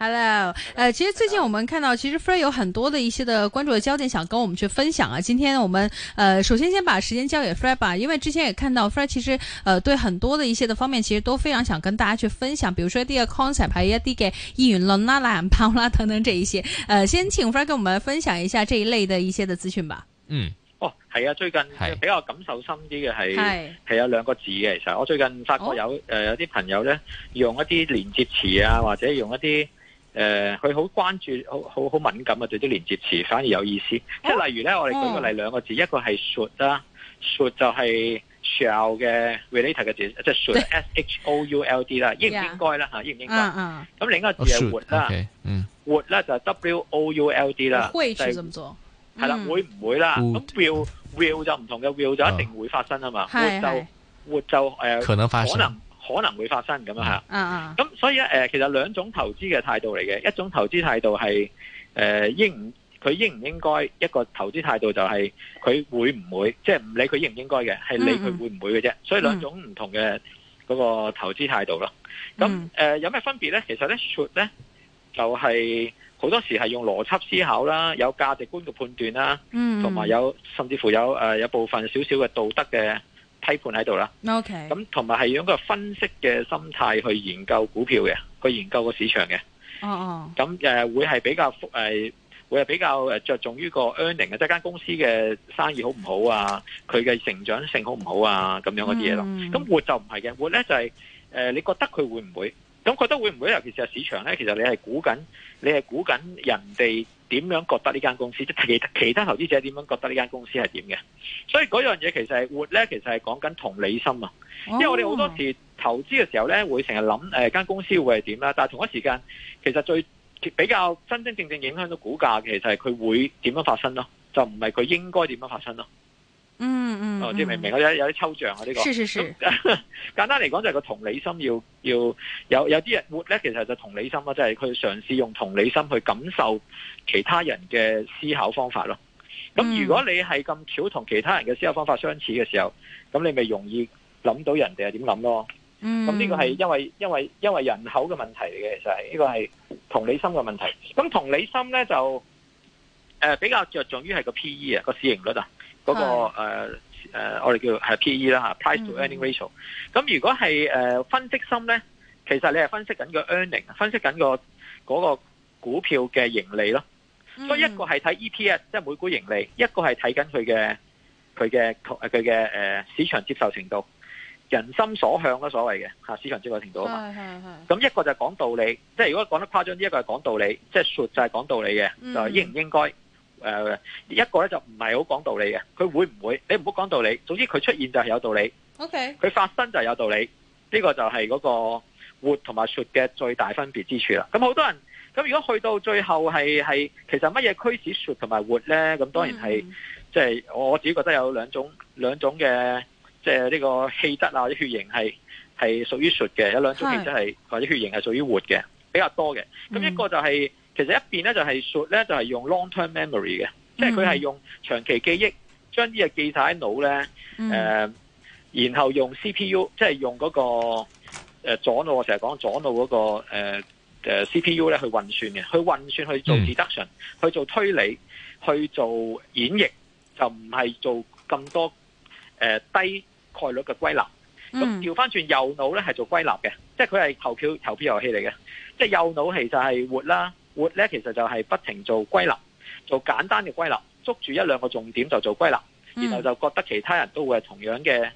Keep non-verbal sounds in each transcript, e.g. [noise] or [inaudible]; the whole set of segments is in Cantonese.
Hello，呃，其實最近我們看到，其實 Fred 有很多的一些的關注的焦點，想跟我們去分享啊。今天我們，呃，首先先把時間交給 Fred 吧，因為之前也看到 Fred 其實，呃，對很多的一些的方面，其實都非常想跟大家去分享，比如說一啲 concept，還有一啲嘅語言啦、難包啦等等這一些。呃，先請 Fred 跟我們分享一下這一類的一些的資訊吧。嗯，哦，係啊，最近是比較感受深啲嘅係係係有兩個字嘅，其實我最近發覺有，誒、哦呃，有啲朋友咧用一啲連接詞啊，或者用一啲。誒、呃，佢好關注，好好好敏感啊！對啲連接詞反而有意思，哦、即係例如咧，我哋舉個例，兩個字，哦、一個係 should 啦、哦、should 就係 shall 嘅 related 嘅字，即係 should, should，s h o u l d 啦，應唔、yeah. 應該啦吓，應唔應該？咁、嗯嗯、另一個字係、oh, okay. 嗯、would 啦、就是，嗯，would 咧就 w o u l d 啦，就係咁啦，會唔會啦？咁、嗯、will，will 就唔同嘅，will、哦、就一定會發生啊嘛、嗯嗯，就會就誒，可能發生。可能會發生咁樣嚇，咁所以咧，誒、呃，其實兩種投資嘅態度嚟嘅，一種投資態度係誒、呃、應，佢應唔應該，一個投資態度就係佢會唔會，即係唔理佢應唔應該嘅，係理佢會唔會嘅啫。嗯嗯，所以兩種唔同嘅嗰個投資態度咯。咁、嗯、誒、嗯呃、有咩分別咧？其實咧 should 咧就係好多時係用邏輯思考啦，有價值觀嘅判斷啦，同埋有，有甚至乎有誒、呃、有部分少少嘅道德嘅。批判喺度啦，OK，咁同埋係用個分析嘅心態去研究股票嘅，去研究個市場嘅，哦、oh, 哦、oh.，咁、呃、誒會係比較誒、呃、會係比較誒着重於個 earning 嘅，即係間公司嘅生意好唔好啊，佢嘅成長性好唔好啊，咁樣嗰啲嘢咯，咁、mm. 活就唔係嘅，活咧就係、是、誒、呃、你覺得佢會唔會？咁覺得會唔會？尤其是係市場咧，其實你係估緊，你係估緊人哋。點樣覺得呢間公司？即係其其他投資者點樣覺得呢間公司係點嘅？所以嗰樣嘢其實係活咧，其實係講緊同理心啊。Oh. 因為我哋好多時投資嘅時候咧，會成日諗誒間公司會係點啦。但係同一時間，其實最比較真真正正影響到股價嘅，其實係佢會點樣發生咯、啊，就唔係佢應該點樣發生咯、啊。嗯嗯哦，即明唔明白、嗯？有有啲抽象啊，呢、這個。是是是。 [laughs] 簡單嚟講，就係個同理心要要有有啲人活咧，其實就同理心啊，即係佢嘗試用同理心去感受其他人嘅思考方法咯。咁如果你係咁巧同其他人嘅思考方法相似嘅時候，咁你咪容易諗到人哋係點諗咯。咁呢個係因為因為因為人口嘅問題嚟嘅，其實係呢個係同理心嘅問題。咁同理心咧就誒、呃、比較着重於係個 P E 啊，個市盈率啊。嗰、那個誒、呃、我哋叫係 P E 啦吓 price to earning ratio。咁、嗯、如果係誒分析心咧，其實你係分析緊個 earning，分析緊個嗰股票嘅盈利咯、嗯。所以一個係睇 E P S，即係每股盈利；一個係睇緊佢嘅佢嘅佢嘅誒市場接受程度，人心所向咯，所謂嘅嚇市場接受程度啊嘛。咁一個就係講道理，即、就、係、是、如果講得誇張啲，一、這個係講道理，即係 should 就係、是、講道理嘅，就是、應唔應該？嗯誒、呃，一個咧就唔係好講道理嘅，佢會唔會？你唔好講道理，總之佢出現就係有道理。OK，佢發生就係有道理。呢、這個就係嗰個 would 同埋 should 嘅最大分別之處啦。咁好多人，咁如果去到最後係係，其實乜嘢驅使 should 同埋 would 咧？咁當然係，即、mm. 係我自己覺得有兩種兩種嘅，即係呢個氣質啊，或者血型係係屬於 should 嘅，有兩種氣質係或者血型係屬於 would 嘅，mm. 比較多嘅。咁一個就係、是。其實一邊咧就係說咧就係用 long-term memory 嘅，即係佢係用長期記憶將啲嘢記晒喺腦咧，誒、嗯呃，然後用 C P U，即係用嗰、那個誒、呃、左腦我成日講左腦嗰、那個誒誒、呃呃、C P U 咧去運算嘅，去運算去做 deduction，、嗯、去做推理，去做演繹，就唔係做咁多誒、呃、低概率嘅歸納。咁調翻轉右腦咧係做歸納嘅，即係佢係投票投票遊戲嚟嘅，即係右腦其實係活啦。活咧，其實就係不停做歸納，做簡單嘅歸納，捉住一兩個重點就做歸納，然後就覺得其他人都會係同樣嘅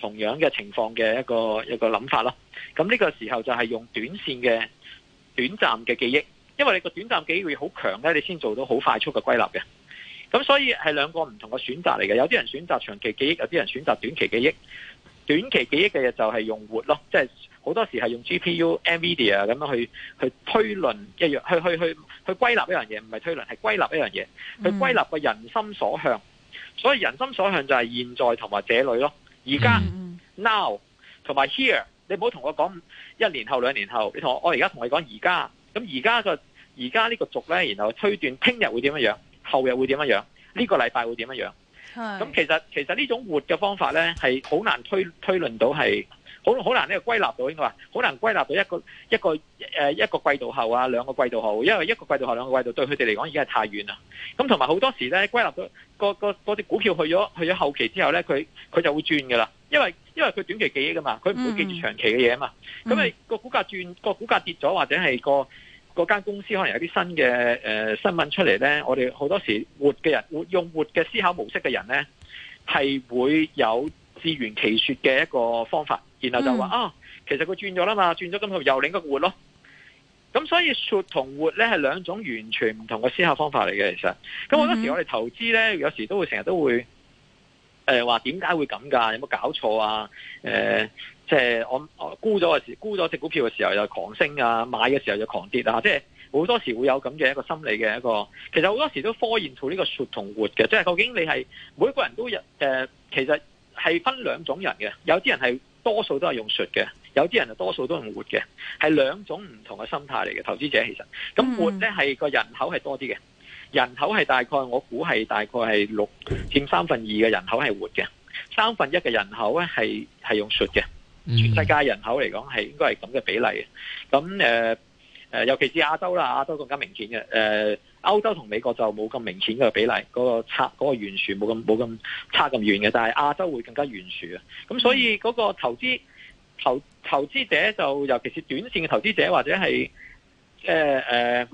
同樣嘅情況嘅一個一個諗法咯。咁呢個時候就係用短線嘅短暫嘅記憶，因為你個短暫記憶會好強咧，你先做到好快速嘅歸納嘅。咁所以係兩個唔同嘅選擇嚟嘅，有啲人選擇長期記憶，有啲人選擇短期記憶。短期記憶嘅就係用活咯，即係。好多時係用 G P U、NVIDIA 咁樣去去推論一樣，去去去去歸納一樣嘢，唔係推論，係歸納一樣嘢。去歸納個人心所向、嗯，所以人心所向就係現在同埋這裡咯。而家、嗯、now 同埋 here，你唔好同我講一年後兩年後，你同我我而家同你講而家。咁而家個而家呢個軸咧，然後推斷聽日會點樣樣，後日會點樣樣，呢、這個禮拜會點樣樣。咁其實其實呢種活嘅方法咧，係好難推推論到係。好好難呢個歸納到應該話，好難歸納到一個一個誒一,一,一個季度後啊兩個季度後，因為一個季度後兩個季度對佢哋嚟講已經係太遠啦。咁同埋好多時咧歸納到個個個,隻股票去咗去咗後期之後咧，佢佢就會轉噶啦，因為因為佢短期記憶噶嘛，佢唔會記住長期嘅嘢啊嘛。咁咪個股價轉個股價跌咗，或者係個嗰間公司可能有啲新嘅誒新聞出嚟咧，我哋好多時活嘅人活用活嘅思考模式嘅人咧，係會有自圓其説嘅一個方法。然後就話、嗯、啊，其實佢轉咗啦嘛，轉咗咁佢又另一個活咯。咁所以樹同活咧係兩種完全唔同嘅思考方法嚟嘅。其實，咁好多時候我哋投資咧，有時都會成日都會誒話點解會咁噶？有冇搞錯啊？誒、呃、即、就、係、是、我估咗嘅時，估咗隻股票嘅時候又狂升啊，買嘅時候又狂跌啊。即係好多時候會有咁嘅一個心理嘅一個。其實好多時候都科研 i 呢個樹同活嘅，即係究竟你係每一個人都有誒、呃，其實係分兩種人嘅，有啲人係。多數都係用 should 嘅，有啲人啊多數都用 would 嘅，係兩種唔同嘅心態嚟嘅。投資者其實咁 would 咧係個人口係多啲嘅，人口係大概我估係大概係六佔三分二嘅人口係 would 嘅，三分一嘅人口咧係係用 should 嘅。全世界人口嚟講係應該係咁嘅比例嘅。咁誒誒，尤其是亞洲啦，亞洲更加明顯嘅誒。呃歐洲同美國就冇咁明顯嘅比例，嗰個差嗰個懸殊冇咁冇咁差咁遠嘅，但係亞洲會更加懸殊啊！咁所以嗰個投資投投資者就尤其是短線嘅投資者或者係即係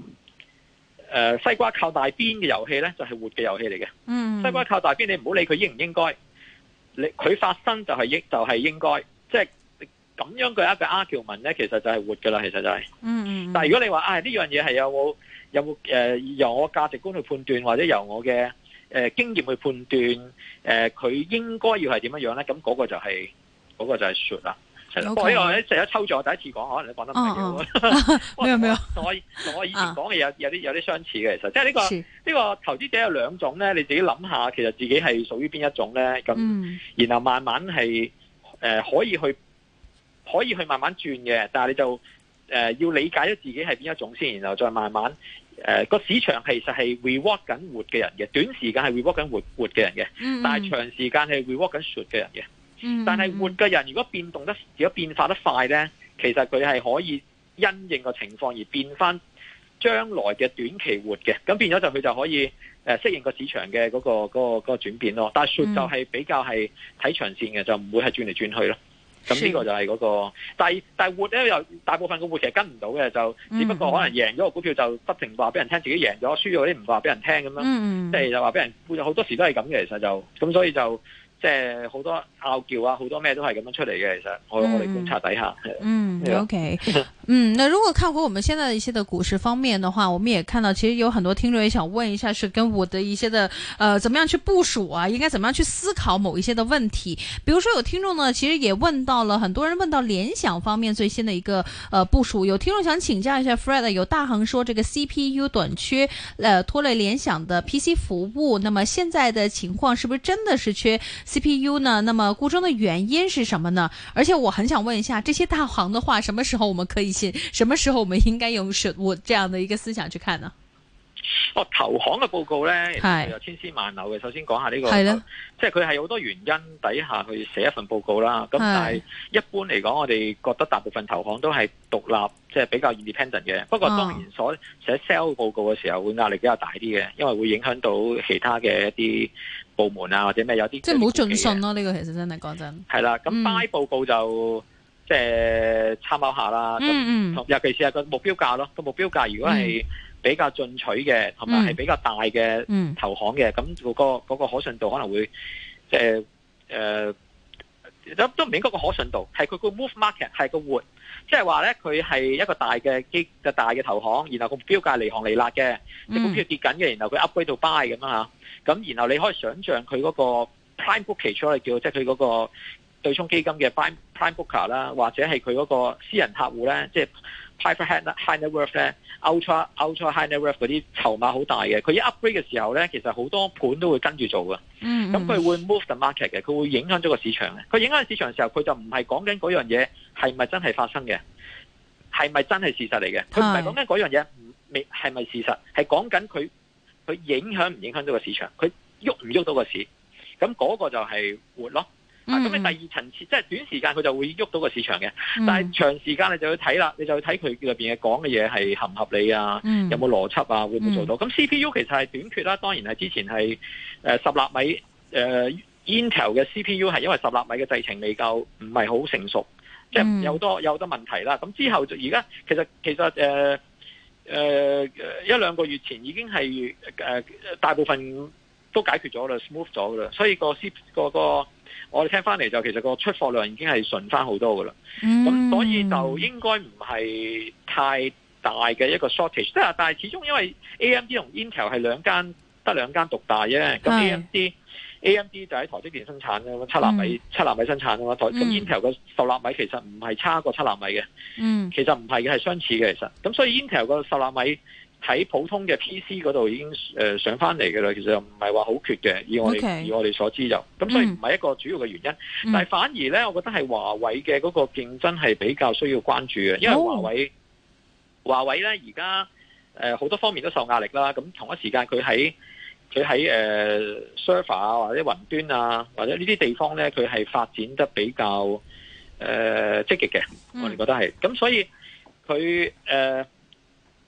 誒西瓜靠大邊嘅遊戲咧，就係活嘅遊戲嚟嘅。嗯，西瓜靠大邊，你唔好理佢應唔應該，你佢發生就係應就係應該，即係咁樣嘅一個 argument 咧，其實就係活噶啦，其實就係。嗯，但係如果你話啊呢樣嘢係有冇？有誒、呃，由我價值觀去判斷，或者由我嘅誒、呃、經驗去判斷，誒、呃、佢應該要係點樣樣咧？咁嗰個就係、是、嗰、那個就係 should 啦，係咯。所以我成日抽我第一次講，可能你講得唔緊要。咩咩啊？同我同我以前講嘅有有啲有啲相似嘅，其實即係呢個呢 [laughs] 個投資者有兩種咧。你自己諗下，其實自己係屬於邊一種咧？咁然後慢慢係誒、呃、可以去可以去慢慢轉嘅，但係你就。誒、呃、要理解咗自己係邊一種先，然後再慢慢誒個、呃、市場其實係 reward 緊活嘅人嘅，短時間係 reward 緊活活嘅人嘅，mm-hmm. 但係長時間係 reward 緊 should 嘅人嘅。Mm-hmm. 但係活嘅人如果變動得，如果變化得快咧，其實佢係可以因應個情況而變翻將來嘅短期活嘅，咁變咗就佢就可以誒適應個市場嘅嗰個嗰個嗰個轉變咯。但係 should 就係比較係睇長線嘅，就唔會係轉嚟轉去咯。咁呢個就係嗰、嗰個，但係但係活咧又大部分個活其實跟唔到嘅，就只不過可能贏咗個股票就不停話俾人聽自己贏咗，輸咗啲唔話俾人聽咁樣，即係、嗯嗯、就話俾人好多時都係咁嘅其實就，咁所以就即係好多。拗撬啊，好多咩都係咁樣出嚟嘅，其實我我哋觀察底下，嗯、yeah、嗯，OK， [laughs] 嗯，那如果看回我們現在的一些的股市方面的話，我們也看到，其實有很多聽眾也想問一下，是跟我的一些的，呃，怎麼樣去部署啊？應該怎麼樣去思考某一些的問題？比如說有聽眾呢，其實也問到了，很多人問到聯想方面最新的一個，呃，部署。有聽眾想請教一下 Fred，有大行說這個 CPU 短缺，呃，拖累聯想的 PC 服務。那麼現在的情況是不是真的是缺 CPU 呢？那麼故中的原因是什麼呢？而且我很想問一下，這些大行的話，什麼時候我們可以信？什麼時候我們應該用 should，我這樣的一個思想去看呢？哦，投行嘅報告咧係有千絲萬縷嘅。首先講下呢、這個，即係佢係好多原因底下去寫一份報告啦。咁但係一般嚟講，我哋覺得大部分投行都係獨立，即、就、係、是、比較 independent 嘅。不過當然所寫 sell 報告嘅時候、啊，會壓力比較大啲嘅，因為會影響到其他嘅一啲。部門啊，或者咩有啲即係唔好盡信咯，呢個其實真係講真係啦。咁 buy 報告就即係參考下啦，嗯。尤其是係個目標價咯，個目標價如果係比較進取嘅，同埋係比較大嘅投行嘅，咁，嗯嗰個個嗰可信度可能會誒誒，嗯呃，都唔應該個可信度係佢個 move market 係個活，即係話咧佢係一個大嘅基嘅大嘅投行，然後個目標價離行離辣嘅，啲，嗯、股票跌緊嘅，然後佢 upgrade 到 buy 咁樣吓。咁然後你可以想象佢嗰個 prime book 期出嚟叫，即係佢嗰個對沖基金嘅 prime prime booker 啦，或者係佢嗰個私人客戶咧，即係 private high net worth 咧，ultra ultra high net worth 嗰啲籌碼好大嘅。佢一 upgrade 嘅時候咧，其實好多盤都會跟住做嘅。嗯，咁佢會 move the market 嘅，佢會影響咗個市場嘅。佢影響市場嘅時候，佢就唔係講緊嗰樣嘢係咪真係發生嘅，係咪真係事實嚟嘅？佢唔係講緊嗰樣嘢，未係咪事實？係講緊佢。佢影響唔影響到個市場？佢喐唔喐到個市？咁、那、嗰個就係活咯。咁、mm. 啊、你第二層次，即、就、係、是、短時間佢就會喐到個市場嘅。Mm. 但係長時間你就要睇啦，你就睇佢入邊嘅講嘅嘢係合唔合理啊？Mm. 有冇邏輯啊？會唔會做到？咁、mm. C P U 其實係短缺啦、啊。當然係之前係誒十納米誒、呃、Intel 嘅 C P U 係因為十納米嘅製程未夠，唔係好成熟，即、mm. 係有多有好多問題啦。咁之後就而家其實其實誒。呃誒、呃、一兩個月前已經係誒、呃、大部分都解決咗啦，smooth 咗啦，所以、嗰個司、嗰個、嗰個、我哋聽翻嚟就其實個出貨量已經係順翻好多噶啦，咁、嗯、所以就應該唔係太大嘅一個 shortage，即係但係始終因為 AMD 同 Intel 係兩間得兩間獨大啫，咁 AMD。A M D 就喺台積電生產嘅，七納米七納、嗯、米生產噶嘛台，咁 Intel 嘅十納米其實唔係差過七納米嘅、嗯，其實唔係嘅，係相似嘅。其實咁所以 Intel 個十納米喺普通嘅 P C 嗰度已經誒、呃、上翻嚟嘅啦。其實又唔係話好缺嘅，以我哋、okay, 以我哋所知就咁，咁所以唔係一個主要嘅原因。嗯、但係反而咧，我覺得係華為嘅嗰個競爭係比較需要關注嘅、哦，因為華為華為咧而家誒好多方面都受壓力啦。咁同一時間佢喺佢喺誒 server 啊，或者雲端啊，或者呢啲地方咧，佢係發展得比較誒積極嘅，我哋覺得係。咁所以佢誒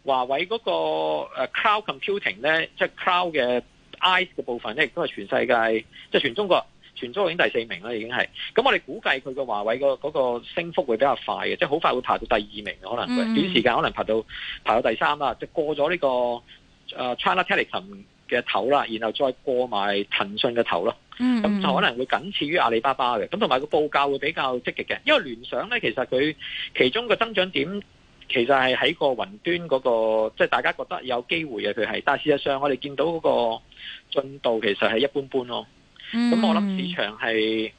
華為嗰個 cloud computing 咧，即係 cloud 嘅 IaaS 嘅部分咧，亦都係全世界，即係全中國全中國已經第四名啦，已經係，咁我哋估計佢個華為個嗰個升幅會比較快嘅，即係好快會排到第二名，可能短時間可能排到排到第三啦，即係過咗呢個 China Telecom。嘅頭啦，然後再過埋騰訊嘅頭咯，咁、mm-hmm. 就可能會僅次於阿里巴巴嘅，咁同埋個報價會比較積極嘅。因為聯想咧，其實佢其中嘅增長點其實係喺個雲端嗰、那個，即、就是、大家覺得有機會嘅佢係，但係事實上我哋見到嗰個進度其實係一般般咯。咁、mm-hmm. 我諗市場係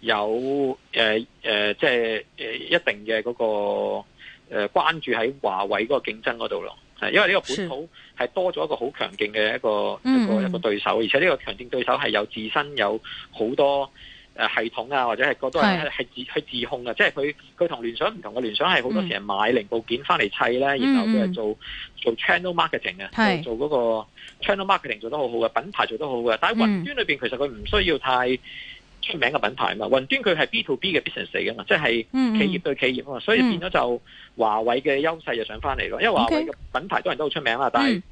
有即、呃呃就是、一定嘅嗰、那個、呃、關注喺華為嗰個競爭嗰度咯。因為呢個本土係多咗一個好強勁嘅一個一個、嗯、一個對手，而且呢個強勁對手係有自身有好多系統啊，或者係好多係係自去自控嘅，即係佢佢同聯想唔同嘅聯想係好多、嗯、時係買零部件翻嚟砌咧，然後佢係做做 channel marketing 啊，做嗰個 channel marketing 做得好好嘅，品牌做得好嘅，但係雲端裏面，其實佢唔需要太。出名嘅品牌啊嘛，雲端佢係 B to B 嘅 business 嘅嘛，即係企業對企業啊嘛、嗯嗯，所以變咗就華、嗯、為嘅優勢就上翻嚟咯。因為華為嘅品牌當然都好出名啊、嗯，但係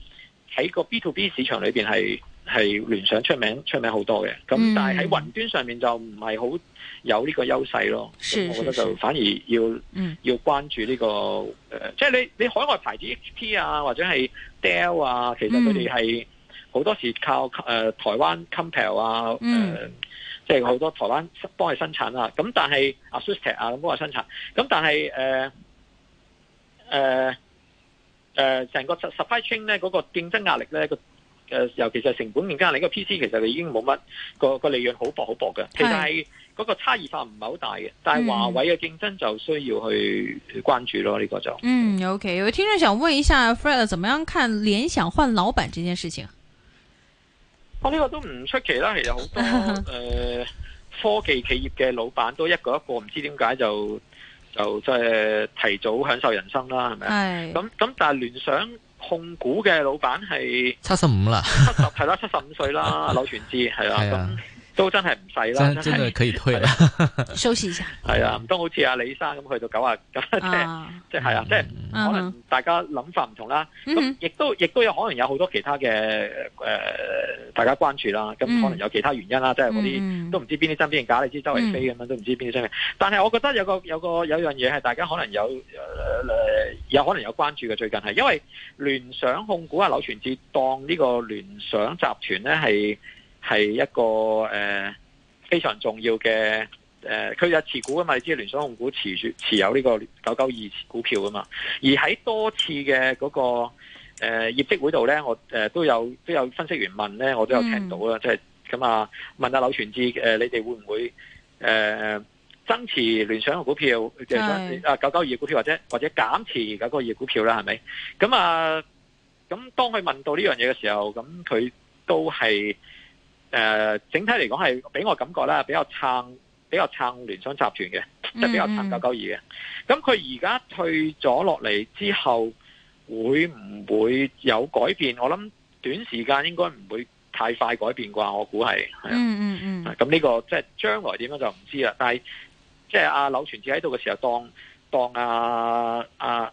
喺個 B to B 市場裏邊係係聯想出名出名好多嘅，咁但係喺雲端上面就唔係好有呢個優勢咯。嗯、我覺得就反而要是是是要關注呢、這個，誒、嗯，即、呃、係、就是、你你海外牌子 HP 啊或者係係戴爾啊，其實佢哋係好多時靠誒、呃、台灣 Compal 啊誒。嗯呃即係好多台灣幫佢生產啦，咁但係 Asus tech 啊咁幫佢生產，咁但係誒誒誒成個 supply chain 咧嗰個競爭壓力咧，誒尤其是成本競爭壓力，這個 PC 其實已經冇乜個個利潤好薄好薄嘅，其實係嗰個差異化唔係好大嘅，但係華為嘅競爭就需要去關注咯，呢、嗯這個就嗯 OK，有位聽眾想問一下 Fred，怎麼樣看聯想換老闆這件事情？我、哦、呢、這個都唔出奇啦，其實好多誒、呃、科技企業嘅老闆都一個一個唔知點解就就即係提早享受人生啦，係咪？咁咁但係聯想控股嘅老闆係七十五 [laughs] 啦，七十係啦，七十五歲啦， [laughs] 柳傳志係啊。都真係唔使啦，真係可以退啦，休息一下。係啊，唔通好似阿李生咁去到九十九，即係即係，係啊，即、嗯、係、就是、可能大家諗法唔同啦。咁、嗯、亦都亦都有可能有好多其他嘅誒、呃，大家關注啦。咁可能有其他原因啦、嗯，即係嗰啲都唔知邊啲真邊假，你知周圍飛咁樣、嗯、都唔知邊啲真嘅。但係我覺得有個有個有樣嘢係大家可能有、呃呃、有可能有關注嘅，最近係因為聯想控股啊，柳傳志當呢個聯想集團咧係。係一個誒、呃、非常重要嘅，誒、佢、呃、有持股啊嘛，你知道聯想控股持持有呢個九九二股票啊嘛。而喺多次嘅嗰、那個誒、呃、業績會度咧，我誒、呃、都有都有分析員問咧，我都有聽到啦，即係咁啊，問下柳傳志誒、呃，你哋會唔會誒增、呃、持聯想嘅股票，即啊九九二股票或者或者減持九九二股票啦？係咪？咁啊，咁當佢問到呢樣嘢嘅時候，咁佢都係。誒、呃，整體嚟講係俾我感覺咧，比較撐，mm-hmm. [laughs] 比較撐聯想集團嘅，即係比較撐九九二嘅。咁佢而家退咗落嚟之後，會唔會有改變？我諗短時間應該唔會太快改變啩，我估係係啊。咁呢、呢個即係將來點樣就唔知啦。但係即係阿柳傳志喺度嘅時候，當當阿啊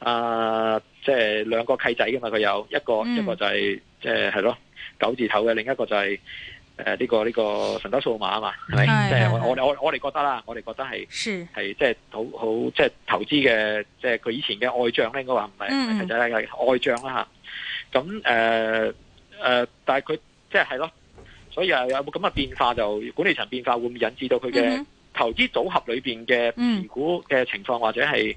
阿即係兩個契仔噶嘛，佢有一個，mm-hmm. 一個就係即係係咯。就是九字頭嘅另一個就係，誒呢個呢、呢個神州數碼啊嘛，係咪？即係、即係、我我我我我哋覺得啦，我哋覺得係係即係好好即係、即係、投資嘅，即係佢以前嘅外帳咧，應該話唔係係就係外帳啦嚇。咁誒誒，但係佢即係係咯，所以又、啊、有冇咁嘅變化，就管理層變化會唔會引致到佢嘅投資組合裏邊嘅持股嘅情況或者係？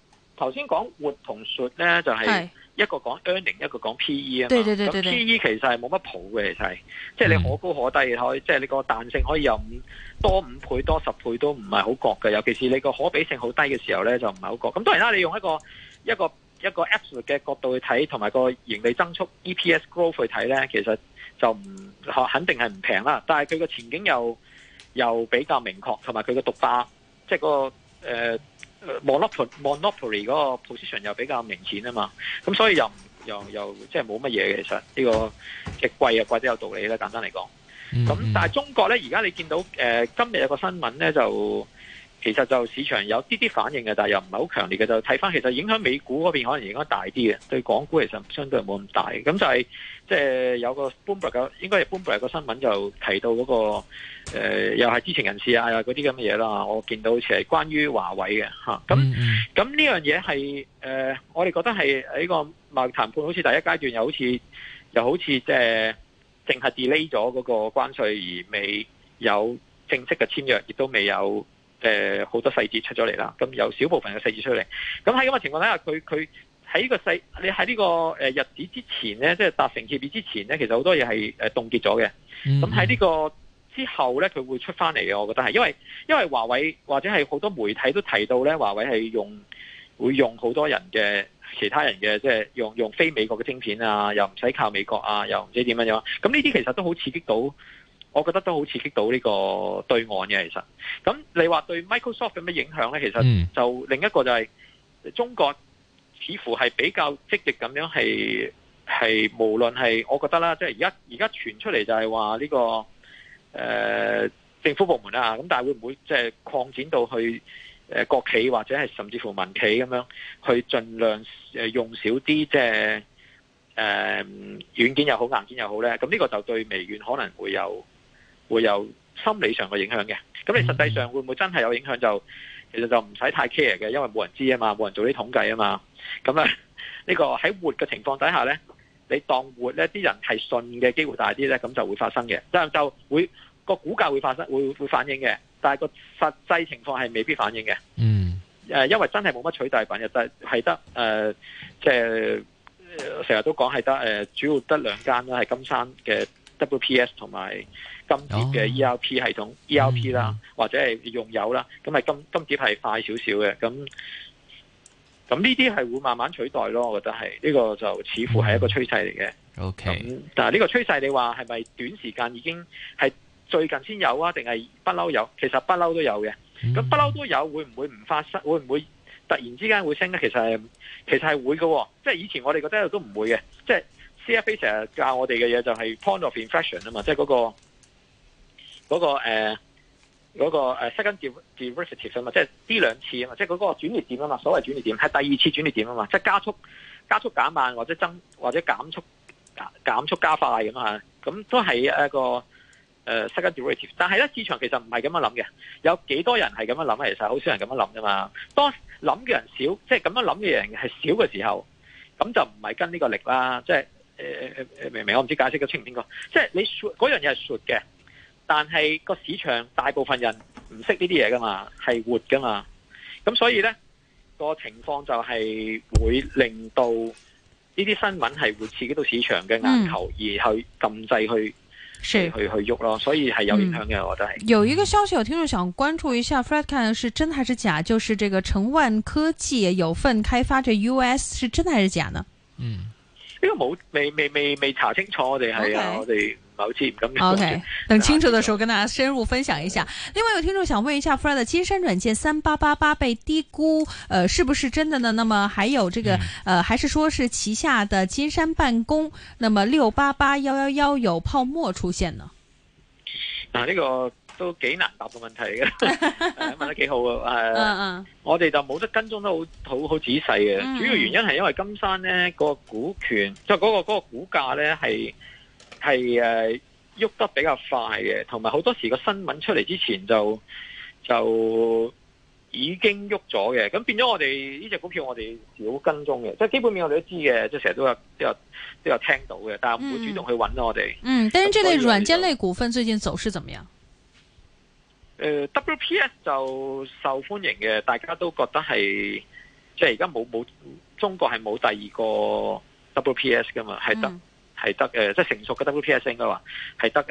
頭先講 would 同 should 咧，就係、是、一個講 earning 一個講 PE 啊嘛。咁對對對對對 PE 其實係冇乜譜嘅，其實即係你可高可低，可、嗯、以即係你個彈性可以有五多五倍、多十倍都唔係好覺嘅。尤其是你個可比性好低嘅時候咧，就唔係好覺。咁當然啦，你用一個一個一個 absolute 嘅角度去睇，同埋個盈利增速 EPS growth 去睇咧，其實就唔肯定係唔平啦。但係佢個前景又又比較明確，同埋佢個獨霸，即係、個誒。呃誒，monopoly、monopoly 嗰個 position 又比較明顯啊嘛，咁所以又又又即係冇乜嘢嘅，其實呢個嘅貴又貴都有道理咧，簡單嚟講。咁但係中國咧，而家你見到誒、呃，今日有個新聞咧就。其實就市場有啲啲反應嘅，但係又唔係好強烈嘅。就睇翻，其實影響美股嗰邊可能應該大啲嘅，對港股其實相對冇咁大。咁就係即係有個 Bloomberg 嘅，應該係 Bloomberg 個新聞就提到嗰，那個誒、呃，又係知情人士啊，嗰啲咁嘅嘢啦。我見到好似係關於華為嘅吓，咁咁呢樣嘢係誒，我哋覺得係喺個貿易談判，好似第一階段又好似又好似即係淨係 delay 咗嗰個關稅，而未有正式嘅簽約，亦都未有。誒、呃、好多細節出咗嚟啦，咁有少部分嘅細節出嚟，咁喺咁嘅情況底下，佢佢喺呢個細，你喺呢個日子之前咧，即係達成協議之前咧，其實好多嘢係誒凍結咗嘅。咁喺呢個之後咧，佢會出翻嚟嘅，我覺得係，因為因為華為或者係好多媒體都提到咧，華為係用會用好多人嘅其他人嘅，即係用用非美國嘅晶片啊，又唔使靠美國啊，又唔知點樣樣，咁呢啲其實都好刺激到。我覺得都好刺激到呢個對岸嘅，其實咁你話對 Microsoft 有咩影響咧？其實就另一個就係中國似乎係比較積極咁樣，係係無論係我覺得啦，即係而家而家傳出嚟就係話呢個誒政府部門啦，咁但係會唔會即係擴展到去誒國企或者係甚至乎民企咁樣去盡量誒用少啲即係誒軟件又好硬件又好咧？咁呢個就對微軟可能會有。會有心理上嘅影響嘅，咁你實際上會唔會真係有影響就？就其實就唔使太 care 嘅，因為冇人知啊嘛，冇人做啲統計啊嘛。咁咧呢個喺活嘅情況底下呢，你當活呢啲人係信嘅機會大啲呢，咁就會發生嘅，就就會個股價會發生會會反應嘅，但係個實際情況係未必反應嘅。嗯，誒，因為真係冇乜取代品嘅，但係得誒，即係成日都講係得誒，主要得兩間啦，係金山嘅 WPS 同埋。金碟嘅 ERP 系統，oh, ERP 啦，或者係用友啦，咁、嗯、咪金金碟係快少少嘅。咁咁呢啲係會慢慢取代咯，我覺得係呢、呢個就似乎係一個趨勢嚟嘅。O K，咁但係呢個趨勢，你話係咪短時間已經係最近先有啊？定係不嬲有？其實不嬲都有嘅。咁不嬲都有，會唔會唔發生？會唔會突然之間會升咧？其實係其實係會嘅，即係以前我哋覺得都唔會嘅。即係 C F A 成日教我哋嘅嘢就係 point of inflection 啊嘛，即係、那、嗰個。嗰個誒，嗰個 second derivative 啊嘛，即係呢兩次啊嘛，即係佢嗰個轉折點啊嘛，所謂轉折點係第二次轉折點啊嘛，即係加速加速減慢或者增或者減速減速加快咁啊，咁都係一個誒 second derivative。但係咧，市場其實唔係咁樣諗嘅，有幾多人係咁樣諗啊？其實好少人咁樣諗啫嘛。當諗嘅人少，即係咁樣諗嘅人係少嘅時候，咁就唔係跟呢個力啦。即係誒誒誒誒，明唔明？我唔知解釋得清唔清楚。即係你嗰樣嘢係 should 嘅。但係個市場大部分人唔識呢啲嘢噶嘛，係活噶嘛，咁所以呢個情況就係會令到呢啲新聞係會刺激到市場嘅眼球，而去禁制去、嗯、去去喐咯，所以係有影響嘅、嗯，我覺得係。有一個消息，有聽眾想關注一下，Frank 是真還是假？就是這個成萬科技有份開發這 US，是真的還是假呢？嗯，呢、這個冇未未未未查清楚我，okay。我哋係啊，我哋。 [noise] 好先，咁 OK，等清楚嘅時候跟大家深入分享一下。 [noise] 另外有聽眾想問一下，富瑞 d 金山軟件三八八八被低估，呃，是不是真的呢？那麼還有這個，嗯、呃，還是說是旗下的金山辦公，那麼六八八幺幺幺有泡沫出現呢？嗱，呢個都幾難答嘅問題嘅， [laughs] [laughs] 問得幾好啊、呃 [laughs] 嗯！我哋就冇得跟蹤得好好好仔細嘅、嗯嗯，主要原因係因為金山呢、呢個股權，即係嗰個、嗰個股價呢係。係誒，喐、呃、得比較快嘅，同埋好多時個新聞出嚟之前就就已經喐咗嘅，咁變咗我哋呢隻股票我哋少跟蹤嘅，即係基本面我哋都知嘅，即係成日都有都有都有聽到嘅，但係唔會主動去揾我哋。嗯，但係呢類軟件類股份最近走勢怎麼樣？誒、呃、，WPS 就受歡迎嘅，大家都覺得係即係而家冇冇中國係冇第二個 WPS 噶嘛，係、嗯、得。係得誒、呃，即係成熟嘅 WPS 應該話係得誒誒、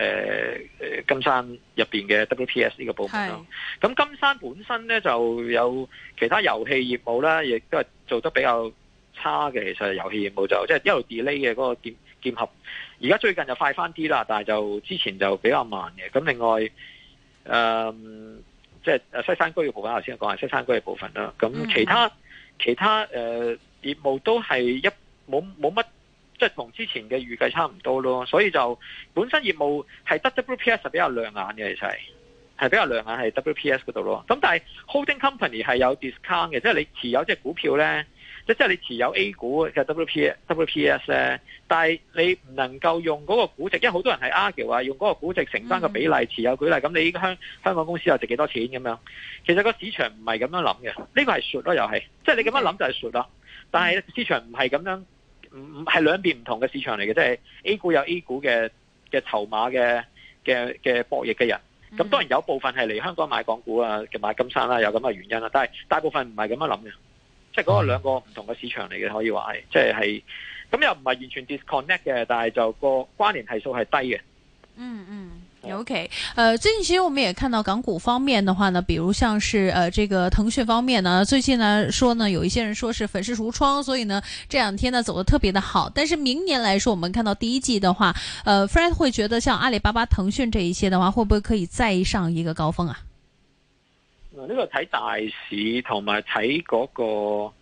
呃、金山入邊嘅 WPS 呢個部門。咁金山本身咧就有其他遊戲業務啦，亦都係做得比較差嘅。其實遊戲業務就即係、就是、一路 delay 嘅嗰個劍劍合，而家最近就快翻啲啦，但係就之前就比較慢嘅。咁另外誒，即、呃、係、就是、西山居嘅部分，頭先講下西山居嘅部分啦。咁其他嗯嗯其他誒、呃、業務都係一冇冇乜。沒沒什麼。即係同之前嘅預計差唔多咯，所以就本身業務係得 WPS 比較亮眼嘅，其實係比較亮眼係 WPS 嗰度咯。咁但係 holding company 係有 discount 嘅，即係你持有隻股票咧，即係即你持有 A 股嘅 WPS 咧，但係你唔能夠用嗰個估值，因為好多人係 argue 話用嗰個估值承擔個比例持有。舉例咁，你依家香香港公司又值幾多錢咁樣？其實個市場唔係咁樣諗嘅，呢個係 should 咯，又係即係你咁樣諗就係 should 啦。但係市場唔係咁樣。唔唔係兩邊唔同嘅市場嚟嘅，即係 A 股有 A 股嘅嘅籌碼嘅嘅嘅博弈嘅人,咁當然有部分係嚟香港買港股啊，買金山啦，有咁嘅原因啦。但係大部分唔係咁樣諗嘅，即係嗰個兩個唔同嘅市場嚟嘅，可以話係即係，咁又唔係完全 disconnect 嘅，但係就個關聯係數係低嘅。嗯嗯。O K，呃，最近其實我們也看到港股方面的話呢，比如像是，呃，這個騰訊方面呢，最近呢說呢，有一些人說是粉飾櫥窗，所以呢，這兩天呢走得特別的好。但是明年來說，我們看到第一季的話，呃，Frank 會覺得像阿里巴巴、騰訊這一些的話，會不會可以再上一個高峰啊？呢個睇大市同埋睇嗰個，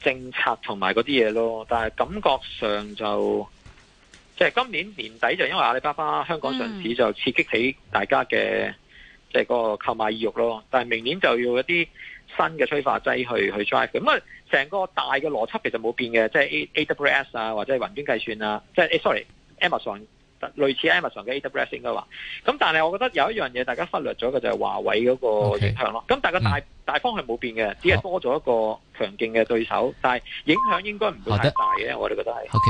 政策同埋嗰啲嘢咯，但係感覺上就。即係今年年底就因為阿里巴巴香港上市就刺激起大家嘅即係個購買意欲咯，但係明年就要一啲新嘅催化劑去去 drive 咁啊，成個大嘅邏輯其實冇變嘅，即係 A A W S 啊或者係雲端計算啊，即係 sorry Amazon 類似 Amazon 嘅 A W S 應該話，咁但係我覺得有一樣嘢大家忽略咗嘅就係華為嗰個影響咯，咁、okay. 但係個大、嗯、大方向冇變嘅，只係多咗一個強勁嘅對手，哦、但係影響應該唔會太大嘅，我哋覺得係。Okay.